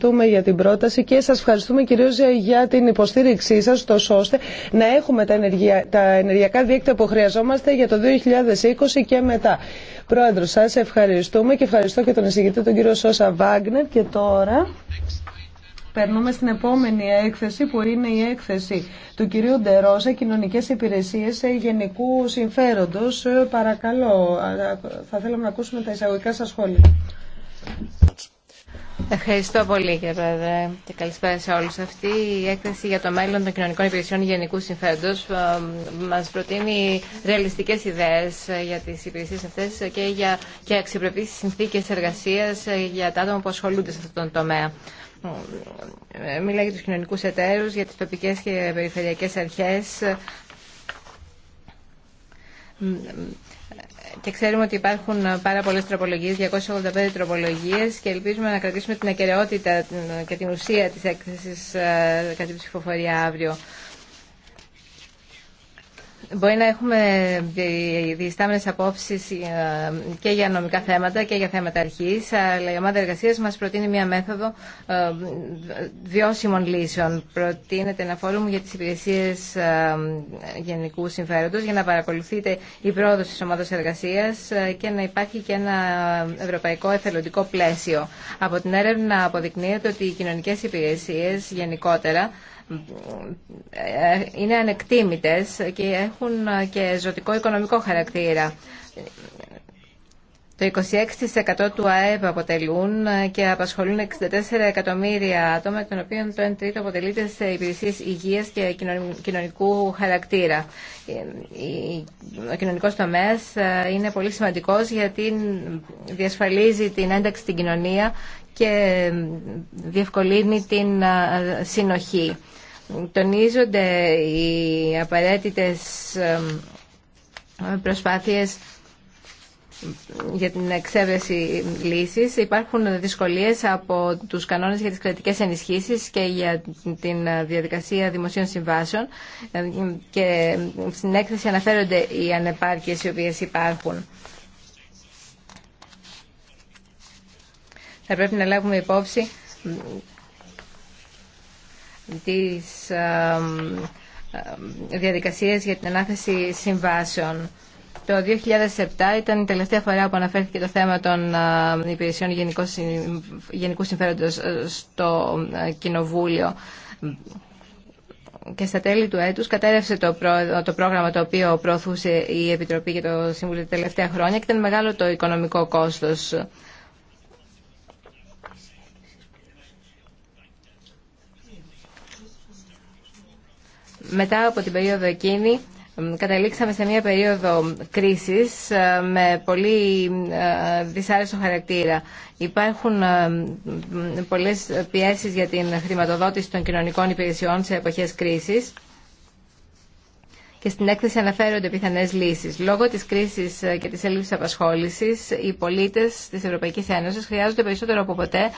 ευχαριστούμε για την πρόταση και σας ευχαριστούμε κυρίως ε, για την υποστήριξή σας, τόσο ώστε να έχουμε τα, ενεργεια... τα ενεργειακά δίκτυα που χρειαζόμαστε για το 2020 και μετά. Πρόεδρο, σας ευχαριστούμε και ευχαριστώ και τον εισηγητή τον κύριο Σώσα Βάγκνερ και τώρα... Περνούμε στην επόμενη έκθεση που είναι η έκθεση του κυρίου Ντερόσα «Κοινωνικές υπηρεσίες γενικού συμφέροντος». Ε, παρακαλώ, θα θέλαμε να ακούσουμε τα εισαγωγικά σας σχόλια. Ευχαριστώ πολύ κύριε Πρόεδρε και καλησπέρα σε όλους. Αυτή η έκθεση για το μέλλον των κοινωνικών υπηρεσιών γενικού συμφέροντος ε, μας προτείνει ρεαλιστικές ιδέες ε, για τις υπηρεσίες αυτές και για και αξιοπρεπείς συνθήκες εργασίας ε, για τα άτομα που ασχολούνται σε αυτόν τον τομέα. Μιλάει για τους κοινωνικούς εταίρους, για τις τοπικές και περιφερειακές αρχές και ξέρουμε ότι υπάρχουν πάρα πολλές τροπολογίες, 285 τροπολογίες και ελπίζουμε να κρατήσουμε την ακαιρεότητα και την ουσία της έκθεσης ε, κατά την ψηφοφορία αύριο. Μπορεί να έχουμε διστάμενες απόψεις ε, και για νομικά θέματα και για θέματα αρχής, αλλά η ομάδα εργασία μας προτείνει μια μέθοδο ε, βιώσιμων λύσεων. Προτείνεται ένα φόρουμ για τις υπηρεσίες ε, γενικού συμφέροντος για να παρακολουθείτε η πρόοδο της ομάδας εργασίας και να υπάρχει και ένα ευρωπαϊκό εθελοντικό πλαίσιο. Από την έρευνα αποδεικνύεται ότι οι κοινωνικές υπηρεσίες γενικότερα είναι ανεκτήμητες και έχουν και ζωτικό οικονομικό χαρακτήρα. Το 26% του ΑΕΠ αποτελούν και απασχολούν 64 εκατομμύρια άτομα, των οποίων το 1 τρίτο αποτελείται σε υπηρεσίε υγεία και κοινωνικού χαρακτήρα. Ο κοινωνικό τομέα ε, είναι πολύ σημαντικό γιατί διασφαλίζει την ένταξη στην κοινωνία και διευκολύνει την ε, συνοχή. Τονίζονται οι απαραίτητε ε, προσπάθειες για την εξέβρεση λύση. Υπάρχουν δυσκολίες από τους κανόνες για τις κρατικέ ενισχύσεις και για την διαδικασία δημοσίων συμβάσεων και στην έκθεση αναφέρονται οι ανεπάρκειες οι οποίες υπάρχουν. Θα πρέπει να λάβουμε υπόψη τις ε, ε, διαδικασίες για την ανάθεση συμβάσεων. Το 2007 ήταν η τελευταία φορά που αναφέρθηκε το θέμα των υπηρεσιών γενικού συμφέροντος ε, στο ε, Κοινοβούλιο και στα τέλη του έτους κατέρευσε το, το πρόγραμμα το οποίο προωθούσε η Επιτροπή για το σύμβουλο τα τελευταία χρόνια και ήταν μεγάλο το οικονομικό κόστος. Μετά από την περίοδο εκείνη καταλήξαμε σε μια περίοδο κρίσης ε, με πολύ ε, δυσάρεστο χαρακτήρα. Υπάρχουν ε, πολλές πιέσεις για την χρηματοδότηση των κοινωνικών υπηρεσιών σε εποχές κρίσης και στην έκθεση αναφέρονται πιθανέ λύσεις. Λόγω της κρίσης και της έλλειψης απασχόλησης, οι πολίτες της Ευρωπαϊκής Ένωσης χρειάζονται περισσότερο από ποτέ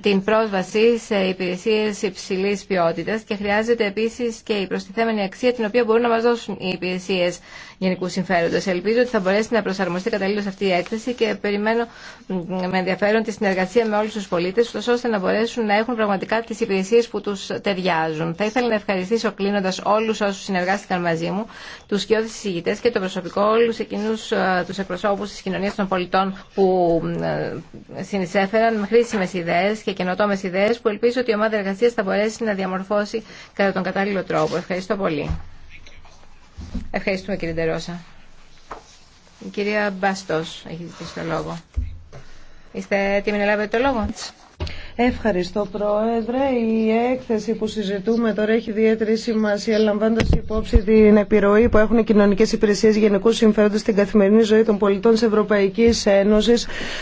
την πρόσβαση σε υπηρεσίες υψηλής ποιότητας και χρειάζεται επίσης και η προστιθέμενη αξία την οποία μπορούν να μας δώσουν οι υπηρεσίες γενικού συμφέροντος. Ελπίζω ότι θα μπορέσει να προσαρμοστεί καταλήλως αυτή η έκθεση και περιμένω με ενδιαφέρον τη συνεργασία με όλους τους πολίτες ώστε να μπορέσουν να έχουν πραγματικά τις υπηρεσίες που τους ταιριάζουν. Θα ήθελα να ευχαριστήσω κλείνοντας όλους όσους συνεργάστηκαν μαζί μου, τους κοιόδης συζητητές και το προσωπικό, όλους εκείνους ε, τους εκπροσώπους τη κοινωνία των πολιτών που ε, συνεισέφεραν με χρήσιμε ιδέες και καινοτόμε ιδέε που ελπίζω ότι η ομάδα εργασία θα μπορέσει να διαμορφώσει κατά τον κατάλληλο τρόπο. Ευχαριστώ πολύ. Ευχαριστούμε κύριε Ντερόσα. Η κυρία Μπαστό έχει ζητήσει το λόγο. Είστε έτοιμοι να λάβετε το λόγο. Ευχαριστώ Πρόεδρε. Η έκθεση που συζητούμε τώρα έχει ιδιαίτερη σημασία λαμβάνοντα υπόψη την επιρροή που έχουν οι κοινωνικέ υπηρεσίε γενικού συμφέροντος στην καθημερινή ζωή των πολιτών τη Ευρωπαϊκή Ένωση,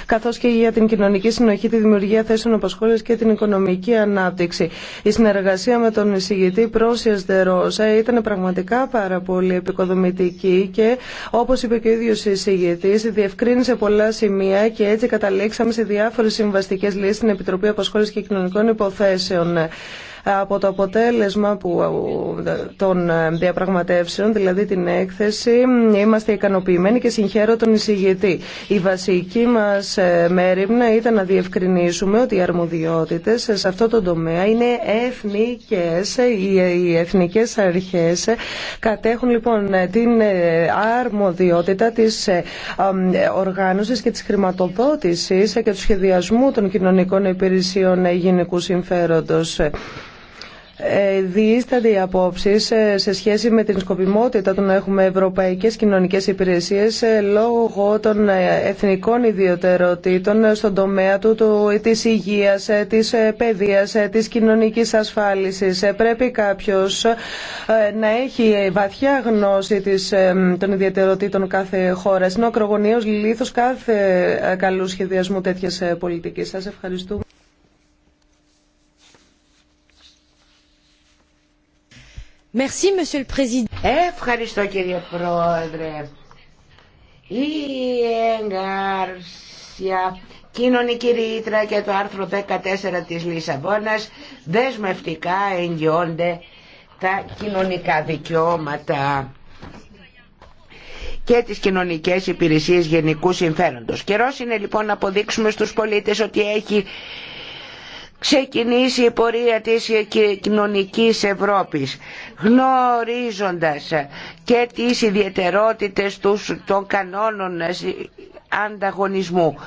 καθώ και για την κοινωνική συνοχή, τη δημιουργία θέσεων απασχόληση και την οικονομική ανάπτυξη. Η συνεργασία με τον εισηγητή Πρόσια Δερόσα ήταν πραγματικά πάρα πολύ επικοδομητική και όπω είπε και ο ίδιο εισηγητή, διευκρίνησε πολλά σημεία και έτσι καταλήξαμε σε διάφορε συμβαστικέ λύσει στην Επιτροπή Απασχόλησης και Κοινωνικών Υποθέσεων από το αποτέλεσμα που, των ε, διαπραγματεύσεων, δηλαδή την έκθεση, είμαστε ικανοποιημένοι και συγχαίρω τον εισηγητή. Η βασική μας ε, μέρημνα ήταν να διευκρινίσουμε ότι οι αρμοδιότητες σε αυτό το τομέα είναι εθνικές, οι εθνικές αρχές κατέχουν λοιπόν την ε, αρμοδιότητα της οργάνωσης και της χρηματοδότησης και του σχεδιασμού των κοινωνικών υπηρεσιών γενικού συμφέροντος. Ε, διείστανται οι απόψει ε, σε σχέση με την σκοπιμότητα του να έχουμε ευρωπαϊκέ κοινωνικέ υπηρεσίε ε, λόγω των εθνικών ιδιωτεροτήτων στον τομέα του, του τη υγεία, τη παιδεία, τη κοινωνική ασφάλιση. Πρέπει κάποιο να έχει βαθιά γνώση των ιδιαιτεροτήτων κάθε χώρα. Είναι ο ακρογωνίο λήθο κάθε καλού σχεδιασμού τέτοια πολιτική. Σα ευχαριστούμε. Ευχαριστώ κύριε Πρόεδρε. Η εγκάρσια κοινωνική ρήτρα και το άρθρο 14 της Λισαβόνας δεσμευτικά εγγυώνται τα κοινωνικά δικαιώματα και τις κοινωνικές υπηρεσίες γενικού συμφέροντος. Καιρός είναι λοιπόν να αποδείξουμε στους πολίτες ότι έχει ξεκινήσει η πορεία της κοινωνικής Ευρώπης γνωρίζοντας και τις ιδιαιτερότητες των κανόνων ανταγωνισμού.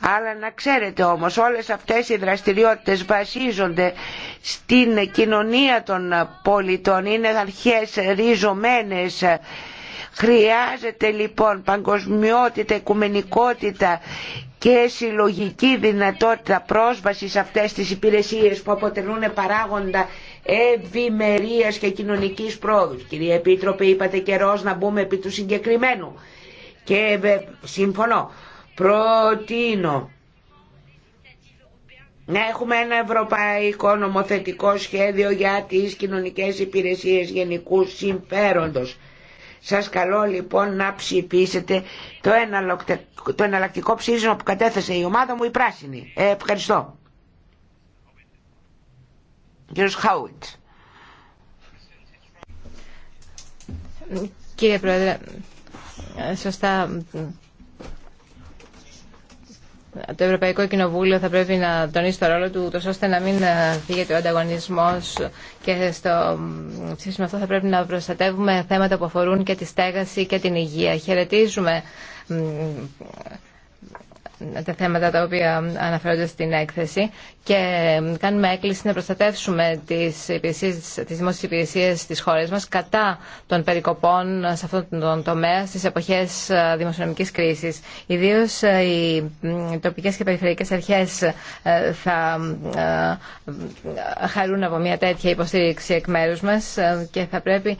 Αλλά να ξέρετε όμως όλες αυτές οι δραστηριότητες βασίζονται στην κοινωνία των πολιτών, είναι αρχές ριζωμένες Χρειάζεται λοιπόν παγκοσμιότητα, οικουμενικότητα και συλλογική δυνατότητα πρόσβασης σε αυτές τις υπηρεσίες που αποτελούν παράγοντα ευημερία και κοινωνικής πρόοδου. Κυρία Επίτροπε, είπατε καιρός να μπούμε επί του συγκεκριμένου. Και συμφωνώ, προτείνω να έχουμε ένα ευρωπαϊκό νομοθετικό σχέδιο για τις κοινωνικές υπηρεσίες γενικού συμφέροντος σας καλώ λοιπόν να ψηφίσετε το, το εναλλακτικό ψήφισμα που κατέθεσε η ομάδα μου η πράσινη. Ε, ευχαριστώ. Κύριος Χάουιτ. Κύριε Πρόεδρε, σωστά το Ευρωπαϊκό Κοινοβούλιο θα πρέπει να τονίσει το ρόλο του, τόσο ώστε να μην ε, φύγεται ο ανταγωνισμό και στο ψήφισμα αυτό θα πρέπει να προστατεύουμε θέματα που αφορούν και τη στέγαση και την υγεία. Χαιρετίζουμε τα θέματα τα οποία αναφέρονται στην έκθεση και κάνουμε έκκληση να προστατεύσουμε τις, υπηρεσίες, τις δημόσιες υπηρεσίες της χώρας μας κατά των περικοπών σε αυτόν τον τομέα στις εποχές ε, δημοσιονομικής κρίσης. Ιδίως ε, οι τοπικές και περιφερειακές αρχές ε, θα χαρούν από μια τέτοια υποστήριξη εκ μέρους μας και θα πρέπει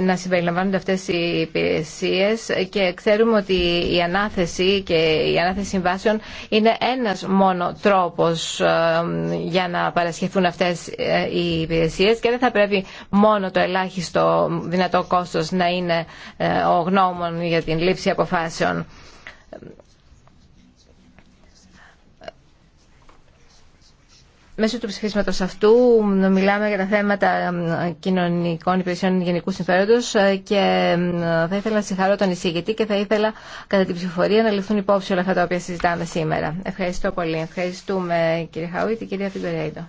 να συμπεριλαμβάνονται αυτές οι υπηρεσίες και ξέρουμε ότι η ανάθεση και η ανάθεση συμβάσεων είναι ένας μόνο τρόπος για να παρασχεθούν αυτές ε, οι υπηρεσίες και δεν θα πρέπει μόνο το ελάχιστο δυνατό κόστος να είναι ε, ο γνώμων για την λήψη αποφάσεων Μέσω του ψηφίσματος αυτού μιλάμε για τα θέματα κοινωνικών υπηρεσιών γενικού συμφέροντος ε, και θα ήθελα να συγχαρώ τον εισηγητή και θα ήθελα κατά την ψηφοφορία να ληφθούν υπόψη όλα αυτά τα οποία συζητάμε σήμερα. Ευχαριστώ πολύ. Ευχαριστούμε κύριε Χαουίτη και κυρία Φιγκορέιντο.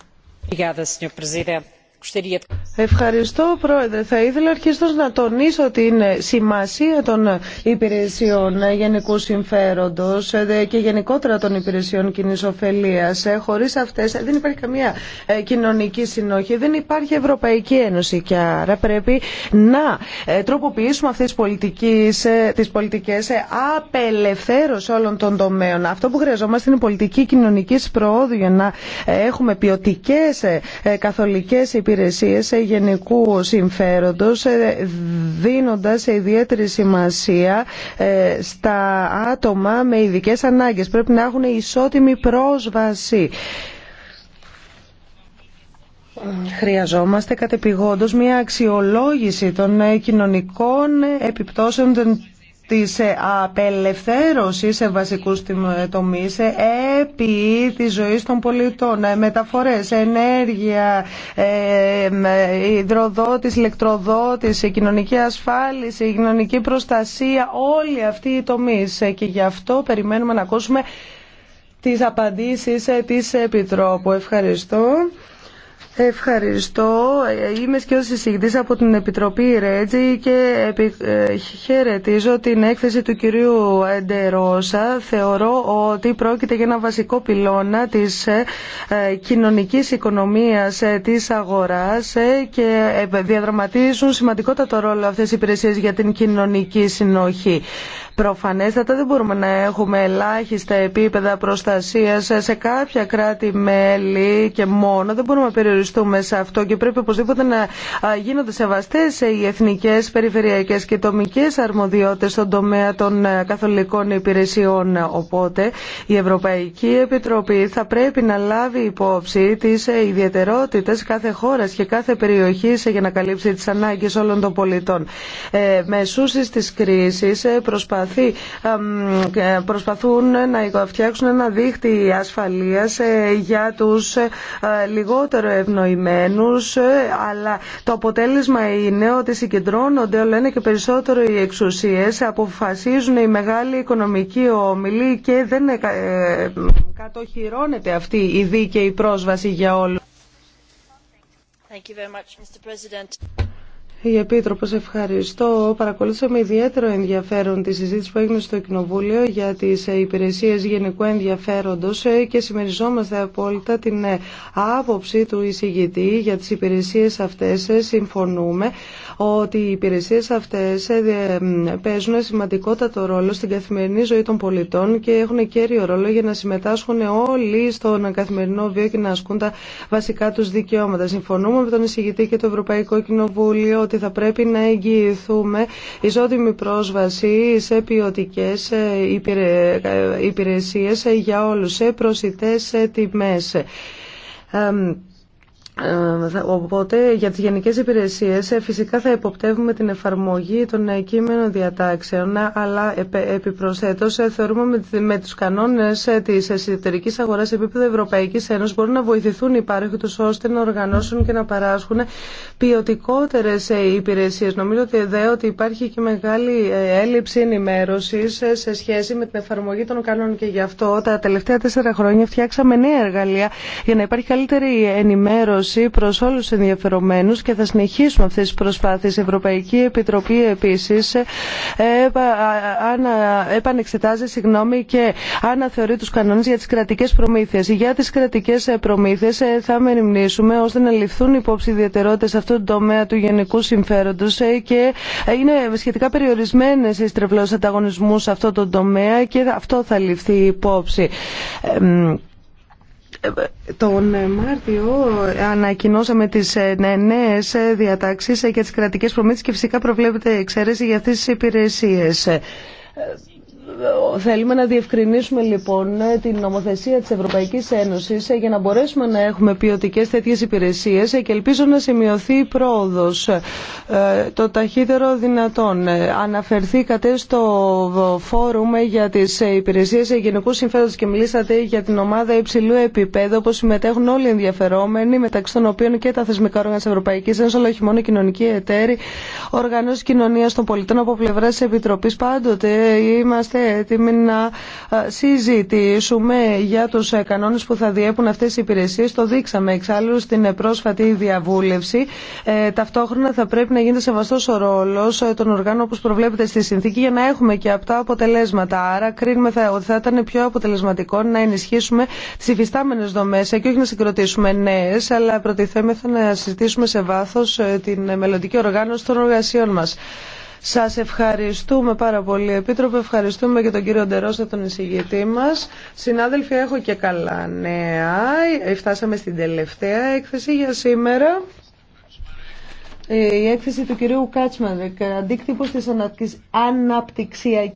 Ευχαριστώ Πρόεδρε. Θα ήθελα αρχίστως να τονίσω την σημασία των υπηρεσιών γενικού συμφέροντος ε, και γενικότερα των υπηρεσιών κοινή ωφελία. Ε, χωρίς αυτές δεν υπάρχει καμία ε, κοινωνική συνοχή, δεν υπάρχει Ευρωπαϊκή Ένωση και άρα πρέπει να τροποποιήσουμε αυτές τις, πολιτικές, τις απελευθέρωση όλων των τομέων. Αυτό που χρειαζόμαστε είναι πολιτική κοινωνικής προόδου για να έχουμε ποιοτικέ καθολικές υπηρεσίες υπηρεσίες γενικού συμφέροντος ε, δίνοντας ιδιαίτερη σημασία ε, στα άτομα με ειδικές ανάγκες. Πρέπει να έχουν ισότιμη πρόσβαση. Χρειαζόμαστε κατεπηγόντως μια αξιολόγηση των κοινωνικών επιπτώσεων της απελευθέρωσης σε βασικούς τομείς επί της ζωής των πολιτών, ε, μεταφορές, ενέργεια, ε, υδροδότηση, ηλεκτροδότηση, κοινωνική ασφάλιση, κοινωνική προστασία, όλοι αυτοί οι τομείς ε, και γι' αυτό περιμένουμε να ακούσουμε τις απαντήσεις της Επιτρόπου. Ευχαριστώ. Ευχαριστώ. Είμαι σκιός συζητή από την Επιτροπή Ρέτζη και επι... Ε, χαιρετίζω την έκθεση του κυρίου Εντερόσα. Θεωρώ ότι πρόκειται για ένα βασικό πυλώνα της ε, ε, κοινωνικής οικονομίας της αγοράς και διαδραματίζουν σημαντικότατο ρόλο αυτές οι υπηρεσίες για την κοινωνική συνοχή. Προφανέστατα δεν μπορούμε να έχουμε ελάχιστα επίπεδα προστασίας σε κάποια κράτη-μέλη και μόνο. Δεν μπορούμε να περιοριστούμε σε αυτό και πρέπει οπωσδήποτε να γίνονται σεβαστές οι εθνικές, περιφερειακές και τομικές αρμοδιότητες στον τομέα των ε, καθολικών υπηρεσιών. Οπότε η Ευρωπαϊκή Επιτροπή θα πρέπει να λάβει υπόψη τις ε, ιδιαιτερότητες κάθε χώρας και κάθε περιοχής για να καλύψει τις ανάγκες όλων των πολιτών. Ε, με σούσει της κρίσης προσπαθούν να φτιάξουν ένα δίχτυ ασφαλείας για τους λιγότερο ε, αλλά το αποτέλεσμα είναι ότι συγκεντρώνονται όλο ένα και περισσότερο οι εξουσίες, αποφασίζουν οι μεγάλοι οικονομικοί όμιλοι και δεν ε, ε, κατοχυρώνεται αυτή η δίκαιη πρόσβαση για όλους η Επίτροπος, ευχαριστώ. Παρακολούθησα ιδιαίτερο ενδιαφέρον τη συζήτηση που έγινε στο Κοινοβούλιο για τι υπηρεσίε γενικού ενδιαφέροντο. και συμμεριζόμαστε απόλυτα την ε, άποψη του εισηγητή για τι υπηρεσίε αυτέ. Ε, συμφωνούμε ότι οι υπηρεσίες αυτές ε, παίζουν σημαντικότατο ρόλο στην καθημερινή ζωή των πολιτών και έχουν κέριο ρόλο για να συμμετάσχουν όλοι στον καθημερινό βίο και να ασκούν τα βασικά του δικαιώματα. Συμφωνούμε με τον εισηγητή και το Ευρωπαϊκό Κοινοβούλιο ότι θα πρέπει να εγγυηθούμε ισότιμη πρόσβαση σε ποιοτικέ ε, ε, υπηρεσίε ε, για όλου, σε προσιτέ τιμέ. Ε, οπότε για τις γενικές υπηρεσίες ε, φυσικά θα υποπτεύουμε την εφαρμογή των ε, κείμενων διατάξεων αλλά επιπροσθέτως θεωρούμε με τους κανόνες της εσωτερικής αγοράς σε επίπεδο Ευρωπαϊκής Ένωσης μπορούν να βοηθηθούν οι τους ώστε να οργανώσουν και να παράσχουν ποιοτικότερες υπηρεσίες. Νομίζω ότι ότι υπάρχει και μεγάλη έλλειψη ενημέρωσης σε σχέση με την εφαρμογή των κανόνων και γι' αυτό τα τελευταία τέσσερα χρόνια φτιάξαμε νέα εργαλεία για να υπάρχει καλύτερη ενημέρωση Προ προς όλους τους ενδιαφερομένους και θα συνεχίσουμε αυτέ τι προσπάθειε. Η Ευρωπαϊκή Επιτροπή επίση ε, ε, επανεξετάζει συγγνώμη, και αναθεωρεί τους κανόνες για τις κρατικές προμήθειες. Για τις κρατικές ε, προμήθειες θα μεριμνήσουμε ώστε να ληφθούν υπόψη ιδιαιτερότητες αυτό του τομέα του γενικού συμφέροντος και είναι σχετικά περιορισμένες οι στρεβλώσεις ανταγωνισμού σε αυτό το τομέα και αυτό θα ληφθεί υπόψη. Τον Μάρτιο ανακοινώσαμε τις ε, νέες ε, διατάξεις για ε, τις κρατικές προμήθειες και φυσικά προβλέπεται εξαίρεση για αυτές τις υπηρεσίες. Θέλουμε να διευκρινίσουμε λοιπόν την νομοθεσία της Ευρωπαϊκής Ένωσης ε, για να μπορέσουμε να έχουμε ποιοτικές τέτοιες υπηρεσίες ε, και ελπίζω να σημειωθεί η πρόοδος ε, το ταχύτερο δυνατόν. Αναφερθήκατε στο φόρουμ για τις υπηρεσίες γενικού συμφέροντος και μιλήσατε για την ομάδα υψηλού επίπεδου που συμμετέχουν όλοι οι ενδιαφερόμενοι μεταξύ των οποίων και τα θεσμικά όργανα της Ευρωπαϊκής Ένωσης αλλά όχι μόνο κοινωνικοί εταίροι, οργανώσεις κοινωνίας των πολιτών από Επιτροπής. Πάντοτε είμαστε έτοιμοι να συζητήσουμε για τους ε, κανόνες που θα διέπουν αυτές οι υπηρεσίες. Το δείξαμε εξάλλου στην ε, πρόσφατη διαβούλευση. Ε, ταυτόχρονα θα πρέπει να γίνεται σεβαστός ο ρόλος των οργάνων όπως προβλέπεται στη συνθήκη για να έχουμε και αυτά αποτελέσματα. Άρα κρίνουμε ότι θα ήταν πιο αποτελεσματικό να ενισχύσουμε τις υφιστάμενες δομές και όχι να συγκροτήσουμε νέες, αλλά προτιθέμεθα να συζητήσουμε σε βάθος την μελλοντική οργάνωση των εργασιών μας. Σας ευχαριστούμε πάρα πολύ, Επίτροπε. Ευχαριστούμε και τον κύριο Ντερόσα, τον εισηγητή μας. Συνάδελφοι, έχω και καλά νέα. Ε, φτάσαμε στην τελευταία έκθεση για σήμερα. Ε, η έκθεση του κυρίου Κάτσμαδεκ, αντίκτυπος της αναπτυξιακής